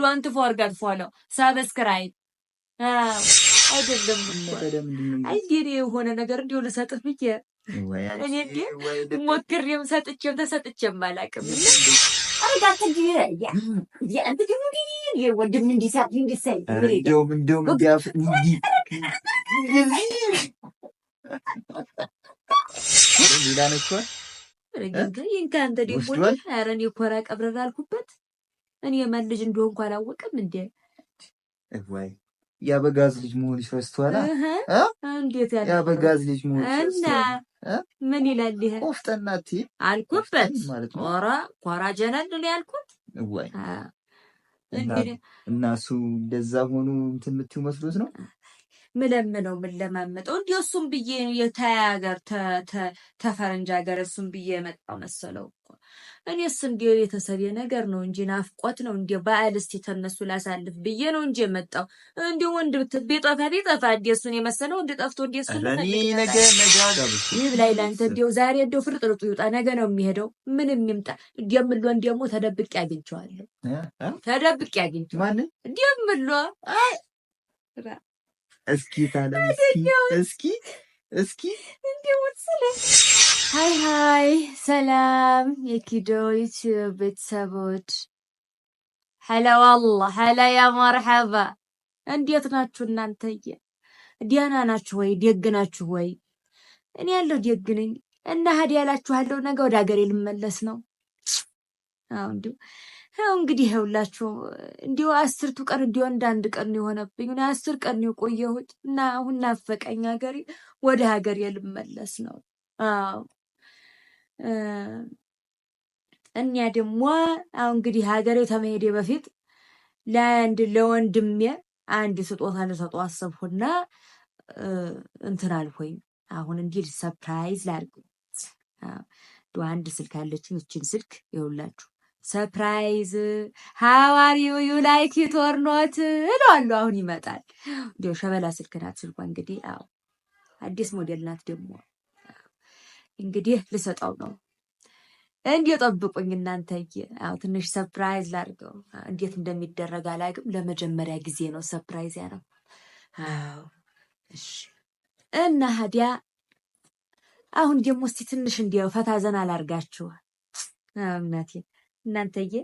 ዶንት ፎርገት ፎሎ ሰብስክራይብ አይደለም አይ የሆነ ነገር እንዲሁ ልሰጥህ ብዬ እኔ እንዴ ሞክሬም ሰጥቼም ተሰጥቼም አላውቅም። ይህን ከአንተ ደግሞ ኧረ እኔ ቀብረር አልኩበት እኔ የማን ልጅ እንደሆንኩ አላወቅም እንዴ? ወይ የአበጋዝ ልጅ መሆን ይፈስተዋል። እንዴት ያለ የአበጋዝ ልጅ መሆን እና ምን ይላል ይሄ ቆፍጠናት አልኩበት ማለት ነው። ኧረ ኮራ ጀነል ነው ያልኩት። ወይ እና እሱ እንደዛ ሆኑ እንትን የምትይው መስሎት ነው ምለምነው ምለማመጠው እንዲ እሱም ብዬ የታያ ሀገር ተፈረንጅ ሀገር እሱም ብዬ የመጣው መሰለው እኮ እኔስ እንዲህ የተሰብ ነገር ነው እንጂ ናፍቆት ነው እንዲ በዓል እስቲ ተነሱ ላሳልፍ ብዬ ነው እንጂ የመጣው እንዲ ወንድ ቤጠፋ ቤጠፋ እንዲ እሱን የመሰለ ወንድ ጠፍቶ እንዲ ይህ ላይ ለአንተ እንዲው ዛሬ እንዲው ፍርጥርጡ ይውጣ ነገ ነው የሚሄደው ምንም ይምጣ እንደምሎ እንዲሞ ተደብቄ አግኝቸዋለሁ ተደብቄ አግኝቸዋለሁ እንደምሎ እስኪ ታለም እስኪ እስኪ ሀይ ሀይ፣ ሰላም የኪዶ ዩቲዩብ ቤተሰቦች፣ ሀላ ዋላ ሀላ ያ መርሐባ፣ እንዴት ናችሁ እናንተዬ? ዲያና ናችሁ ወይ? ደግ ናችሁ ወይ? እኔ ያለው ደግ ነኝ እና ሀዲ ያላችኋለሁ። ነገ ወደ ሀገሬ ልመለስ ነው። አዎ እንዲሁ ያው እንግዲህ ይኸውላችሁ እንዲሁ አስርቱ ቀን እንዲሁ አንዳንድ ቀን የሆነብኝ አስር ቀን የቆየሁት እና አሁን ናፈቀኝ ሀገር ወደ ሀገር የልመለስ ነው። አዎ እኛ ደግሞ አሁ እንግዲህ ሀገሬ ከመሄዴ በፊት ለአንድ ለወንድሜ አንድ ስጦታ ልሰጠው አሰብኩና እንትን አልሆኝ አሁን እንዲህ ሰፕራይዝ ላድርግ። አንድ ስልክ አለችኝ። እችን ስልክ ይኸውላችሁ ሰርፕራይዝ ሃዋሪ ዩ ላይክ ኢት ኖት እለዋለሁ። አሁን ይመጣል። እንዲ ሸበላ ስልክ ናት። ስልኳ እንግዲህ አዎ አዲስ ሞዴል ናት። ደግሞ እንግዲህ ልሰጠው ነው። እንዲህ ጠብቁኝ እናንተዬ። አዎ ትንሽ ሰርፕራይዝ ላድርገው። እንዴት እንደሚደረግ አላውቅም። ለመጀመሪያ ጊዜ ነው ሰርፕራይዝ ነው። አዎ እሺ። እና ሀዲያ አሁን ደግሞ እስቲ ትንሽ እንዲያው ፈታ ዘና ላድርጋችሁ እምነቴን እናንተዬ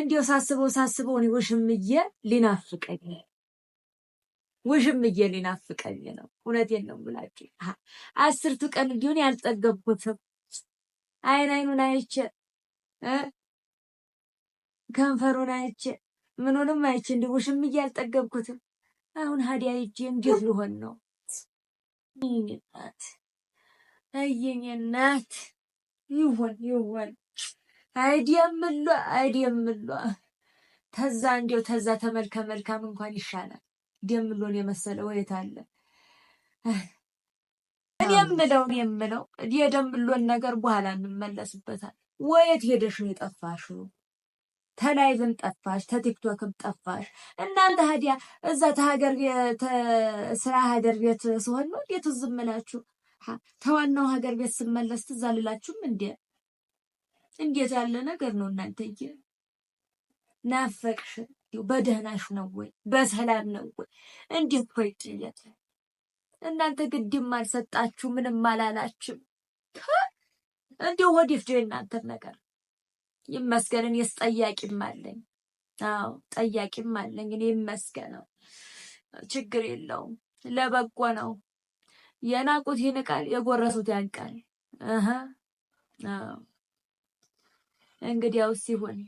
እንዲያው ሳስበው ሳስበው እኔ ውሽምዬ ሊናፍቀኝ ውሽምዬ ሊናፍቀኝ ነው። እውነቴን ነው የምላችሁ። አስርቱ ቀን እንዲሁን ያልጠገብኩትም አይን አይኑን አይቼ ከንፈሩን አይቼ ምኑንም አይቼ እንዲ ውሽምዬ ያልጠገብኩትም አሁን ሀዲያ አይቼ እንዴት ልሆን ነው? እናት እየኔ እናት ይሆን ይሆን አይዲየምሏ አይዲየምሏ ተዛ እንዲው ተዛ ተመልከ መልካም እንኳን ይሻላል። ደምሎን የመሰለ ወየት አለ። እኔ የምለው እኔ የምለው የደምሎን ነገር በኋላ እንመለስበታል። ወየት ሄደሽ ነው የጠፋሽ? ተላይቭም ጠፋሽ፣ ተቲክቶክም ጠፋሽ። እናንተ ሀዲያ እዛ ተሀገር ስራ ሀገር ቤት ስሆን ነው እንዴት ዝም ተዋናው ሀገር ቤት ስመለስ ትዝ አልላችሁም እንዴ? እንዴት ያለ ነገር ነው እናንተዬ? ናፈቅሽ በደህናሽ ነው ወይ? በሰላም ነው ወይ? እንዴት ኮይ ጥያታል። እናንተ ግድም አልሰጣችሁ ምንም አላላችም። እንዲሁ ወዲፍ ጆ እናንተ ነገር ይመስገን። እኔስ ጠያቂም አለኝ። አዎ ጠያቂም አለኝ። እኔ ይመስገነው ችግር የለውም። ለበጎ ነው። የናቁት ይንቃል፣ የጎረሱት ያንቃል። አሃ አዎ እንግዲያው ሲሆን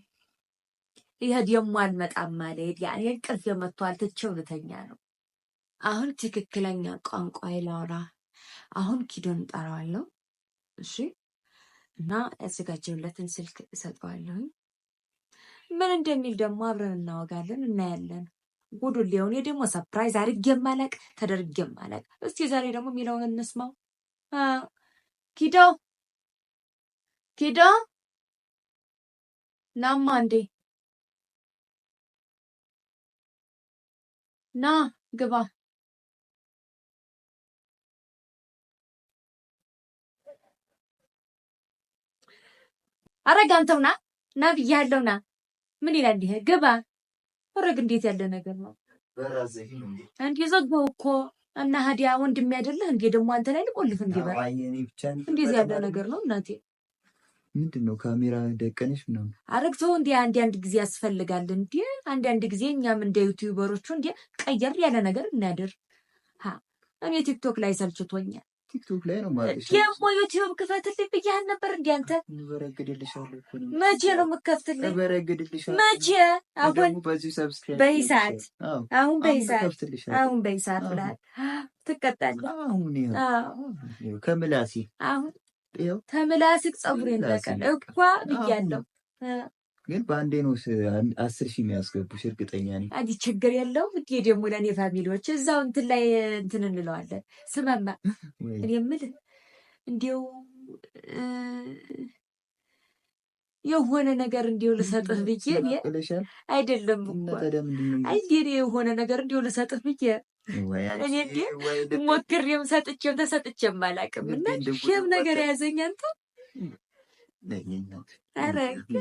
ይሄ ደግሞ አልመጣም ማለት ያ እኔ እንቅልፍ የመቷል ትቼው ልተኛ ነው። አሁን ትክክለኛ ቋንቋ ይላውራ። አሁን ኪዶን እጠራዋለሁ። እሺ እና ያዘጋጀሁለትን ስልክ እሰጠዋለሁኝ። ምን እንደሚል ደግሞ አብረን እናወጋለን፣ እናያለን። ጉዱ ሊሆን ደግሞ ሰፕራይዝ አድርጌ ማለቅ ተደርጌ ማለቅ። እስቲ ዛሬ ደግሞ የሚለውን እንስማው። ኪዶ ኪዶ ናማ እንዴ ና ግባ። አረጋንተው ና ና ብያለሁ። ና ምን ይላል ይሄ? ግባ ወረግ። እንዴት ያለ ነገር ነው እንዴ? ዘጋው እኮ እና ሀዲያ ወንድሜ አይደለህ እንዴ? ደግሞ አንተ ላይ ልቆልፍ እንዴ? በር እንዴት ያለ ነገር ነው እናቴ ምንድን ነው ካሜራ ደቀነች ምናምን አረግተው እንዲ አንዳንድ ጊዜ ያስፈልጋል። እንዲ አንዳንድ ጊዜ እኛም እንደ ዩቲዩበሮቹ እንዲ ቀየር ያለ ነገር እናድር። እኔ ቲክቶክ ላይ ሰልችቶኛል። ቲክቶክ ላይ ነው ማለት ደግሞ ዩቲዩብ ክፈትልኝ ብያህል ነበር። እንዲ አንተ መቼ ነው የምከፍትልኝ? መቼ አሁን በይሳት አሁን በይሳት አሁን በይሳት ብላል ትቀጣለህ። ከምላሴ አሁን ተምላስቅ ጸጉሬን በቀን እኳ ብያለሁ። ግን በአንዴ ነው አስር ሺህ የሚያስገቡሽ፣ እርግጠኛ ነኝ። አንዲ ችግር የለውም። እንዲ ደግሞ ለእኔ ፋሚሊዎች እዛው እንትን ላይ እንትን እንለዋለን። ስመማ እኔ የምልህ እንዲው የሆነ ነገር እንዲው ልሰጥህ ብዬ አይደለም እኮ እንዲ የሆነ ነገር እንዲው ልሰጥህ ብዬ እኔ እንዴ ሞክሬም ሰጥቼም ተሰጥቼም አላውቅም። እና ሼም ነገር የያዘኝ አንተ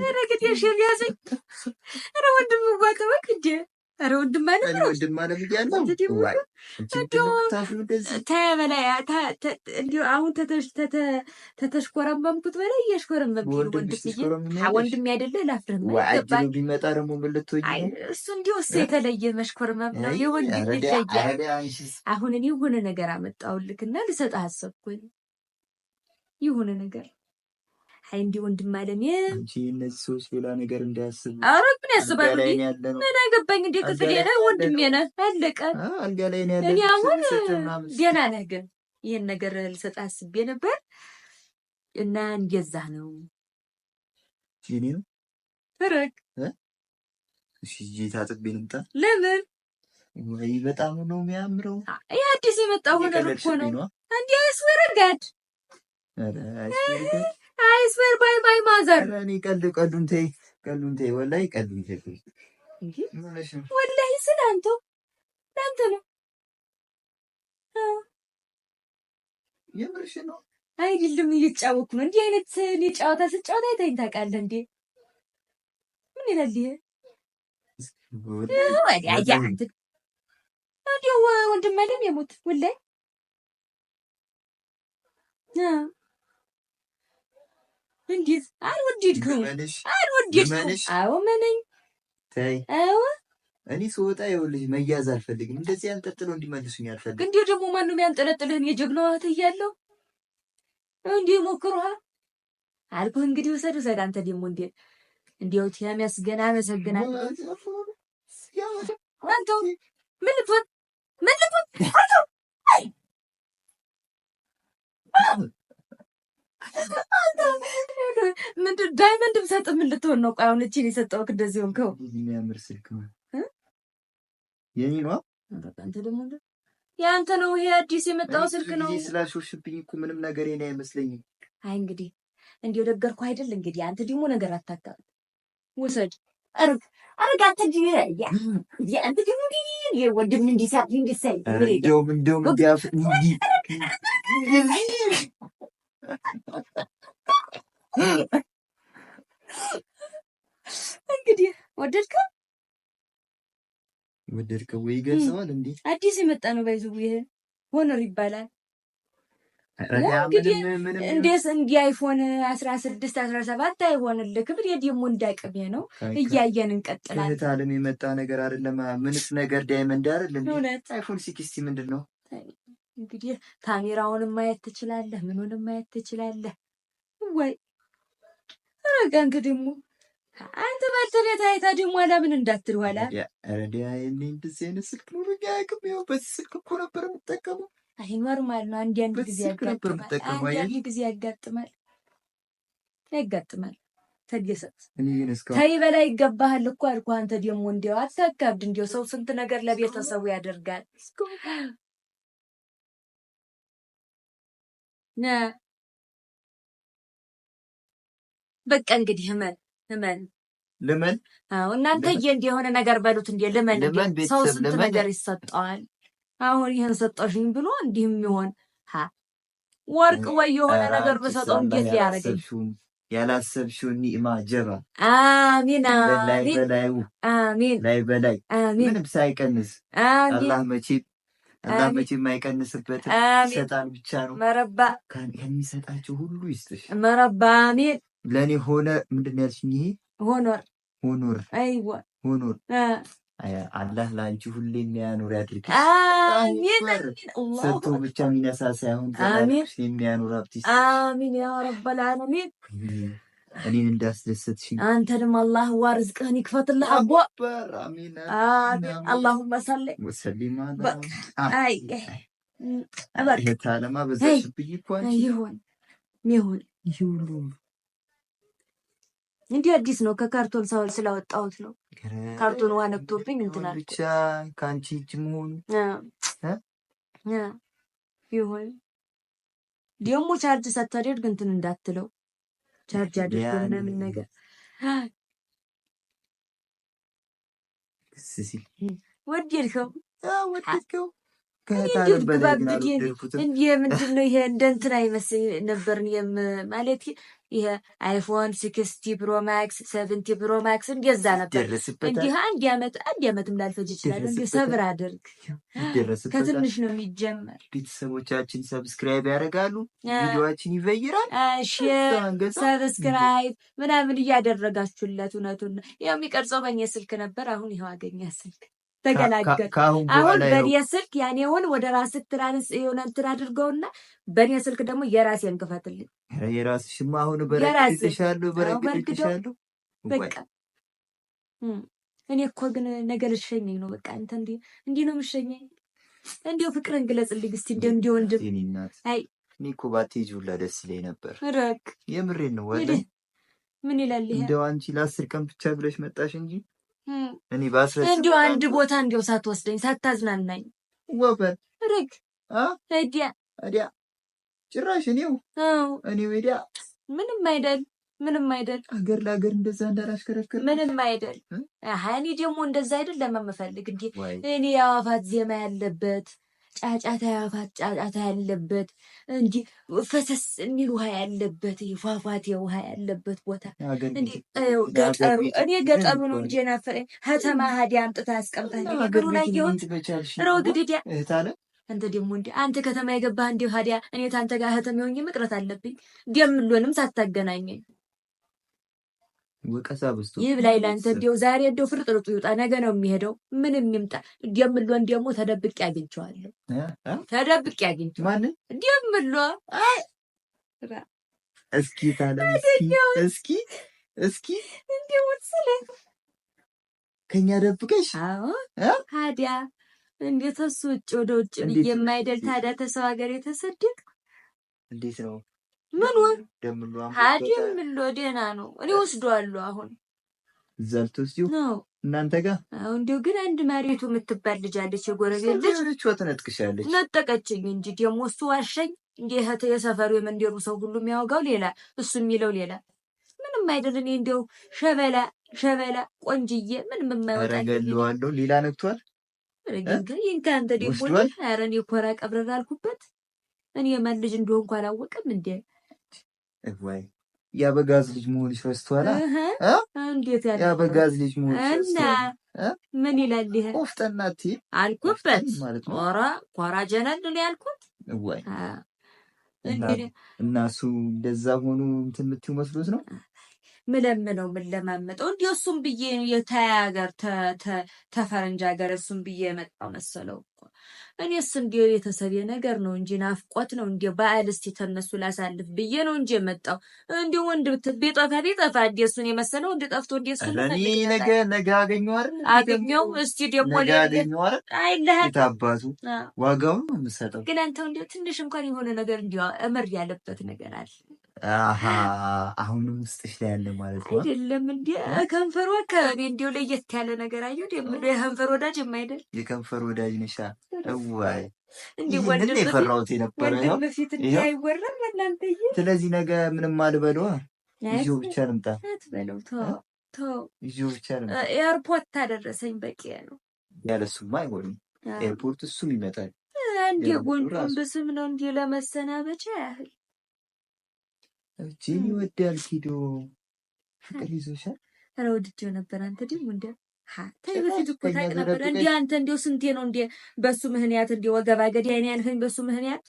ኧረ ግድ የሼም ያዘኝ ኧረ ወንድም ዋቀበክ እንዴ አሁን ተተሽኮረመምኩት በላይ እያሽኮረመምኩ ወንድም ያደለ ላፍርህ ቢመጣ ደግሞ እሱ እንዲሁ እሱ የተለየ ነው የወንድም አሁን እኔ የሆነ ነገር አመጣሁልክና ልሰጥህ አሰብኩኝ የሆነ ነገር አይ እንዲ ወንድም አለም እነዚህ ሰዎች ሌላ ነገር እንዳያስብ አረብን ያስባሉ። ምን አገባኝ እንዴ ክፍል ነ ወንድም ነ አለቀ። እኔ አሁን ገና ነገ ይህን ነገር ልሰጥ አስቤ ነበር እና እንደዛ ነው ኔ ነው ረግ ታጥቤ ልምጣ። ለምን ወይ በጣም ነው የሚያምረው። ይህ አዲስ የመጣ ሆነ እኮ ነው እንዲ አስወረጋድ አይስበር ባይ ባይ ማዘር እኔ ቀልድ ቀልዱን ተይ፣ ቀልዱን ተይ፣ ወላሂ ቀልዱን ተይ። ወላሂ ስለ አንተው ለአንተ ነው የምርሽ ነው አይደለም። እየተጫወኩ ነው። እንዲህ አይነት እኔ ጨዋታ ስጫወት አይታኝ ታውቃለህ እንዴ? ምን ይላል ይሄ? እንዲያው ወንድም የሞት ወላሂ እንዴት አልወደድኩም አልወደድኩም። አዎ መነኝ ተይ። አዎ እኔ ስወጣ ይኸውልሽ መያዝ አልፈልግም። እንደዚህ ያንጠልጥለው እንዲመልሱኝ አልፈልግም። እንዴ ደግሞ ማንም ያንጠለጥልህን የጀግናዋ እህትህ እያለሁ እንዴ ሞክሩሃ አልኩህ። እንግዲህ ውሰድ ውሰድ። አንተ ደግሞ እንዴ እንዴው ቲያሚያስ ገና አመሰግናለሁ። አንተ ምን ልትሆን ምን ልትሆን አንተ ስም ሰጥም ልትሆን ነው። ቆይ አሁን እቺን የሰጠው እንደዚህ ሆንከው። የሚያምር ስልክ ነው የኔ ነው። አንተ ደግሞ የአንተ ነው። ይሄ አዲስ የመጣው ስልክ ነው። ስላሾሽብኝ እኮ ምንም ነገር የኔ አይመስለኝም። አይ እንግዲህ እንዲሁ ነገርኩህ አይደል? እንግዲህ አንተ ደግሞ ነገር አታቃም። ውሰድ አርግ አርግ። አንተ ዲያ ያ አንተ ደግሞ ዲያ እንደውም እንደውም እንዲ እንዲ እንግዲህ ወደድከው ወደድከው ወይ ይገልጸዋል። እንዴ አዲስ የመጣ ነው ባይዙ ይሄ ሆኖር ይባላል። እንዴስ እንዲህ አይፎን 16 17 አይሆንልህ። ክብር የደሞ እንዳቅሜ ነው። እያየን እንቀጥላለን። ከህታልም የመጣ ነገር አይደለም። ምንስ ነገር ዳይመንድ አይደለም። አይፎን ሲክስቲ ምንድን ነው እንግዲህ ካሜራውንም ማየት ትችላለህ። ምኑንም ማየት ትችላለህ ወይ ተረጋ እንግዲህ አንተ ባልተቤ ታይታ ደግሞ እንዳትል ኋላ እንደዚህ አይነት ስልክ በዚህ ስልክ እኮ ነበር አይ ኖርማል ነው። ጊዜ ጊዜ ያጋጥማል ያጋጥማል። ተይ በላይ ይገባሃል እኮ አንተ ደግሞ እንዲያው አታካብድ። እንዲያው ሰው ስንት ነገር ለቤተሰቡ ያደርጋል። በቃ እንግዲህ ህመን ህመን ልመን አዎ፣ እናንተዬ እንዲህ የሆነ ነገር በሉት። እንዲ ልመን ሰው ስንት ነገር ይሰጠዋል። አሁን ይህን ሰጠሽኝ ብሎ እንዲህም ይሆን ወርቅ ወይ የሆነ ነገር ብሰጠው እንዴት ሊያደርገኝ ያላሰብሽውን ኒዕማ ጀባ አሚን በላዩ አሚን ላይ በላይ ምንም ሳይቀንስ አላህ መቼም አላህ መቼም አይቀንስበትም። ሰጣን ብቻ ነው መረባ የሚሰጣቸው ሁሉ ይስጥሽ መረባ አሚን ለእኔ ሆነ ምንድን ነው ያልሽኝ? ይሄ ሆኖር ሆኖር አይዋ ሆኖር አላህ ለአንቺ ሁሌ የሚያኖር ያድርግ። ሰጥቶ ብቻ የሚነሳ ሳይሆን የሚያኖር ሀብትሽ። አሚን ያ ረበል እኔን እንዳስደሰትሽኝ አንተንም አላህ ዋርዝቅህን ይክፈትልህ። አቦ አላሁመ ሰሌ ወሰሊማ ይሁን ይሁን እንዲህ አዲስ ነው። ከካርቶን ሰው ስላወጣሁት ነው። ካርቶን ውሃ ነክቶብኝ እንትና ብቻ ከአንቺ እጅ መሆኑ ይሆን ደግሞ ቻርጅ ሳታደርግ እንትን እንዳትለው ቻርጅ አድርጎ ምናምን ነገር ወደድከው ወደድከው ምንድን ነው ይሄ? እንደ እንትን አይመስል ነበርን ማለት ይሄ አይፎን ሲክስቲ ፕሮማክስ ሰቨንቲ ፕሮማክስ እንደዛ ነበር። እንዲህ አንድ ዓመት አንድ ዓመትም ላልፈጅ ይችላል። እንዲ ሰብር አድርግ። ከትንሽ ነው የሚጀመር። ቤተሰቦቻችን ሰብስክራይብ ያደርጋሉ፣ ቪዲዮችን ይበይራል፣ ሰብስክራይብ ምናምን እያደረጋችሁለት እውነቱን ያው የሚቀርጸው በእኔ ስልክ ነበር። አሁን ይኸው አገኛ ስልክ ተገላገል አሁን በእኔ ስልክ ያኔውን ወደ ራስህ ትራንስ የሆነ እንትን አድርገውና በእኔ ስልክ ደግሞ የራሴን ክፈትልኝ። የራስሽማ አሁን በረግጥሻለሁ በረግጥሻለሁ። በቃ እኔ እኮ ግን ነገ ልሸኘኝ ነው። በቃ አንተ እንዲ እንዲ ነው የምሸኘኝ። እንዲሁ ፍቅርን ግለጽልኝ እስቲ እንዲ እንዲ ወንድም አይ እኔ እኮ ባትሄጂ ሁላ ደስ ይለኝ ነበር። ረክ የምሬን ነው። ወደ ምን ይላል ይሄ እንደው አንቺ ለአስር ቀን ብቻ ብለሽ መጣሽ እንጂ እኔ ባስረ እንዲሁ አንድ ቦታ እንዲው ሳትወስደኝ ሳታዝናናኝ ወበል ርግ እዲያ እዲያ ጭራሽ እኔው እኔው ዲያ ምንም አይደል ምንም አይደል። አገር ለአገር እንደዛ እንዳላሽከረክር ምንም አይደል። እኔ ደግሞ እንደዛ አይደል ለመምፈልግ እንዲ እኔ የአዋፋት ዜማ ያለበት ጫጫታ ያፋት ጫጫታ ያለበት እንዲህ ፈሰስ የሚል ውሃ ያለበት ፏፏቴ ውሃ ያለበት ቦታ ገጠሩ እኔ ገጠሩ ነው እንጂ የናፈቀኝ ከተማ ሀዲያ አምጥታ አስቀምጣ ገሩ ላይ ረው ግድዲያ አንተ ደግሞ እንዲ አንተ ከተማ የገባህ እንዲ ሀዲያ እኔ ታንተ ጋር ከተማ የሆኝ መቅረት አለብኝ ደምሎንም ሳታገናኘኝ ይህ ላይ ለአንተ እንዲው ዛሬ እንዲው ፍርጥርጡ ይውጣ። ነገ ነው የሚሄደው። ምንም ይምጣ። ደምሎ ደግሞ ተደብቄ አግኝቼዋለሁ። ተደብቄ አግኝቼዋለሁ። ደምሎ እስኪ እስኪ እስኪ ከኛ ደብቀሽ ታዲያ እንዴት እሱ ውጭ ወደ ውጭ ብዬ የማይደል ታዲያ ተሰው ሀገር የተሰደቅ እንዴት ነው ምን ሀዲም ምሎ ደህና ነው። እኔ ወስደዋለሁ። አሁን ዘልቶ ሲሁ እናንተ ጋር አሁን እንዲሁ ግን አንድ ማሬቱ የምትባል ልጅ አለች፣ የጎረቤት ልጅ ተነጥቅሻለች። ነጠቀችኝ እንጂ ደግሞ እሱ ዋሸኝ። እንዲህ የሰፈሩ የመንደሩ ሰው ሁሉ የሚያወጋው ሌላ፣ እሱ የሚለው ሌላ። ምንም አይደል። እኔ እንዲያው ሸበላ ሸበላ ቆንጅዬ ምንም የማይወጣለዋለሁ። ሌላ ነግቷል። ግን ይህን ከአንተ ደግሞ ኧረ እኔ ኮራ ቀብረር አልኩበት። እኔ የማን ልጅ እንደሆንኩ አላወቅም እንዴ እዋይ የአበጋዝ ልጅ መሆንሽ ረስተዋላ። እንዴት ያለ የአበጋዝ ልጅ መሆንሽ ምን ይላል? ይሄ ቆፍጠናት አልኩበት ማለት ነው። ኧረ ኮራ ጀነል ነው ያልኩት። እዋይ እና እሱ እንደዛ ሆኑ እንትን የምትይው መስሎት ነው ምለምነው ምለማመጠው እንዲ እሱም ብዬ የተያ ሀገር ተፈረንጅ ሀገር እሱም ብዬ የመጣው መሰለው እኮ እኔስ እንዲ ቤተሰብ ነገር ነው እንጂ ናፍቆት ነው እንዲ በዓል እስቲ ተነሱ ላሳልፍ ብዬ ነው እንጂ የመጣው እንዲ ወንድ ቤጠፋ ቤጠፋ እንዲ እሱን የመሰለው እንዲ ጠፍቶ እንዲ እሱ ነገ ነገ አገኘዋር አገኘው እስቲ ደግሞ አይለሃልአባቱ ዋጋውን ምሰጠው ግን አንተው እንዲ ትንሽ እንኳን የሆነ ነገር እንዲ እምር ያለበት ነገር አለ አሁንም ውስጥሽ ላይ ያለ ማለት ነው አይደለም? እንዲ ከንፈሩ አካባቢ እንዲው ለየት ያለ ነገር አየሁ። ደምዶ የከንፈር ወዳጅ የማይደል የከንፈር ወዳጅ ነሻ። እዋይ እንዲወንድ የፈራሁት የነበረ ነው። ፊት አይወራም እናንተ። ስለዚህ ነገ ምንም አልበለዋ ይዞ ብቻ ልምጣ። አትበለው፣ ተው ተው፣ ይዤው ብቻ ልምጣ። ኤርፖርት ታደረሰኝ በቂ ነው። ያለሱማ አይሆንም። ኤርፖርት እሱም ይመጣል። እንዲ ጎንጮን ብስም ነው እንዲ ለመሰናበቻ ያህል እጅን ይወዳል ኪዶ ፍቅር ይዞሻል። ኧረ ወድጄው ነበር። አንተ ደግሞ እንደ ተይ በፊት እኮ ታውቅ ነበር። እንዲ አንተ እንደው ስንቴ ነው እንዲ በሱ ምህንያት እንዲ ወገባ ገዲ አይኔ ያልከኝ በሱ ምህንያት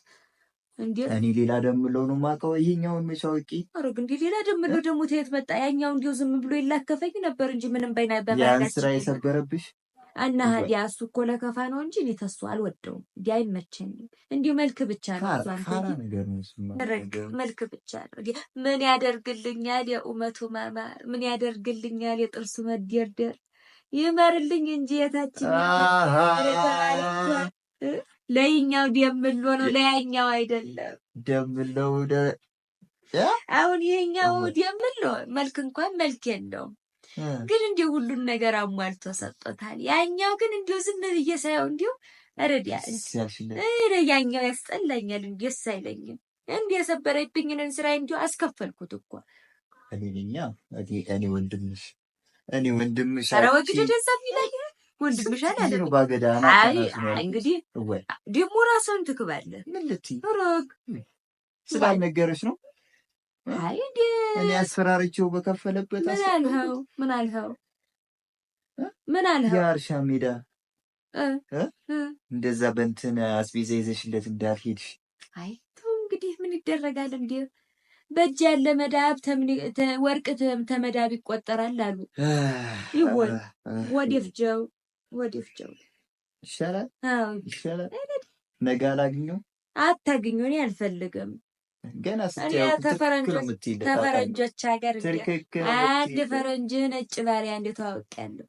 እንዴ እኔ ሌላ ደምለው ነው የማውቀው ይሄኛውን መቻውቂ አሮግ እንዲ ሌላ ደምለው ደግሞ ተየት መጣ? ያኛው እንዲው ዝም ብሎ ይላከፈኝ ነበር እንጂ ምንም በይና በማለት ያን ስራ የሰበረብሽ እና ሀዲያ እሱ እኮ ለከፋ ነው እንጂ ሊተሱ አልወደውም። እንዲህ አይመቸኝም። እንዲሁ መልክ ብቻ ነው መልክ ብቻ ነው። ምን ያደርግልኛል የቁመቱ ማማር፣ ምን ያደርግልኛል የጥርሱ መደርደር። ይመርልኝ እንጂ የታችን ለይኛው ደምሎ ነው ለያኛው አይደለም። ደምሎ አሁን ይሄኛው ደምሎ መልክ እንኳን መልክ የለውም ግን እንዲሁ ሁሉን ነገር አሟልቶ ሰጥቶታል። ያኛው ግን እንዲሁ ዝም ብዬ ሳየው እንዲሁ ረዲያ ያኛው ያስጠላኛል። እንዲሁ እስ አይለኝም። እንዲሁ የሰበረብኝንን ስራ እንዲሁ አስከፈልኩት እኮ እኔኛ እኔ ወንድምሽ እኔ ወንድምሽ ረወግድ ደዛ ሚለኝ ወንድምሽ አላለ ባገዳ እንግዲህ ደግሞ ራስን ትክባለህ ምን ልትይ ስላልነገረች ነው እኔ አስፈራርቼው በከፈለበት ምን አልኸው? ምን አልኸው? ምን አልኸው? የእርሻ ሜዳ እንደዛ በእንትን አስቤዛ ይዘሽለት እንዳልሄድሽ። አይ ተው እንግዲህ ምን ይደረጋል። እንዲ በእጅ ያለ መዳብ ወርቅ ተመዳብ ይቆጠራል አሉ። ይወል ወደፍጀው ወደፍጀው ይሻላል ይሻላል። ነገ አላግኘው አታግኘው። እኔ አልፈልግም ገና ተፈረንጆች ሀገር አንድ ፈረንጅ ነጭ ባሪያ እንዴት አወቅያለሁ።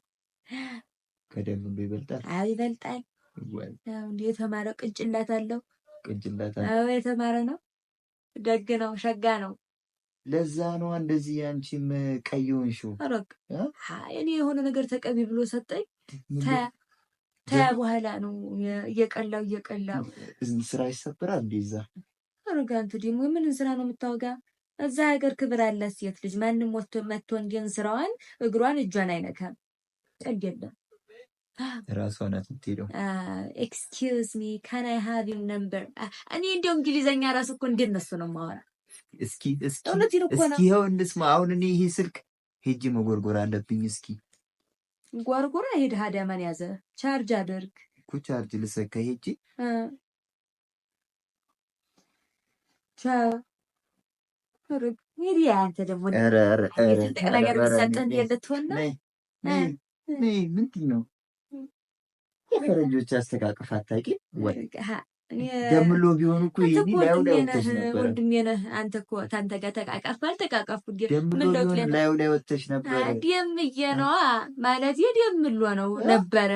ከደንብ ይበልጣል። አዎ ይበልጣል። የተማረ ቅንጭላት አለው። ቅንጭላት የተማረ ነው። ደግ ነው። ሸጋ ነው። ለዛ ነው እንደዚህ አንቺም ቀይ ሆንሽው። እኔ የሆነ ነገር ተቀቢ ብሎ ሰጠኝ። ተያ በኋላ ነው እየቀላው እየቀላው ስራ ይሰብራል እንደዛ አሮጋንቱ ደግሞ የምንን ስራ ነው የምታወጋ? እዛ ሀገር ክብር አለ። ሴት ልጅ። ማንም ወጥቶ መጥቶ እንዲን ስራዋን እግሯን እጇን አይነካም። ጨደለም ራሷ ናት የምትሄደው። ኤክስኪውዝ ሚ ካን አይ ሃቭ ዩር ነምበር? እኔ እንዲያው እንግሊዘኛ ራሱ እኮ እንደነሱ ነው ማወራ። እስኪ እስኪ እስኪ ይኸው እንስማ። አሁን እኔ ይሄ ስልክ ሄጅ መጎርጎር አለብኝ። እስኪ ጓርጎራ ሄድ ሀዳማን ያዘ ቻርጅ አድርግ እኮ ቻርጅ ልሰካ ሄጅ የፈረንጆች አስተቃቀፍ አታውቂም? ደምሎ ቢሆን እኮ ወንድሜ ነህ አንተ እኮ ታንተ ጋር ተቃቀፍ አልተቃቀፍ ላዩ ላይ ወተሽ ነበረ። ደምዬ ነዋ ማለት ደምሎ ነው ነበረ።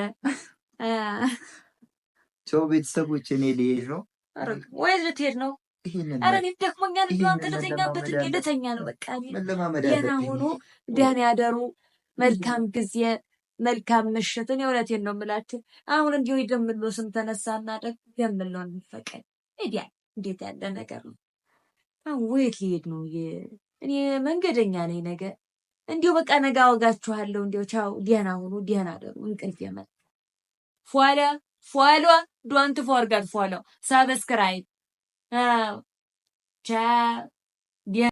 ሰው ቤተሰቦች እኔ ልሄድ ነው ወይስ ልትሄድ ነው? ኧረ እኔም ደክሞኛል። እንደው አንተ ልተኛበት ልተኛ ነው በቃ ደህና ደህና ያደሩ። መልካም ጊዜ፣ መልካም ምሽትን እኔ ነው የምላችሁ። አሁን እንዲሁ ደምሎ ስም ተነሳና ደግ እንፈቀድ እንዴት ያለ ነገር ነው! አሁን ሊሄድ ነው? እኔ መንገደኛ ነኝ። ነገ እንዲሁ በቃ ነገ አወጋችኋለሁ። እንዲሁ ቻው፣ ደህና ደህና አደሩ። እንቅልፍ የመጣ ፏላ ፏሏ ፎርጋት tra dia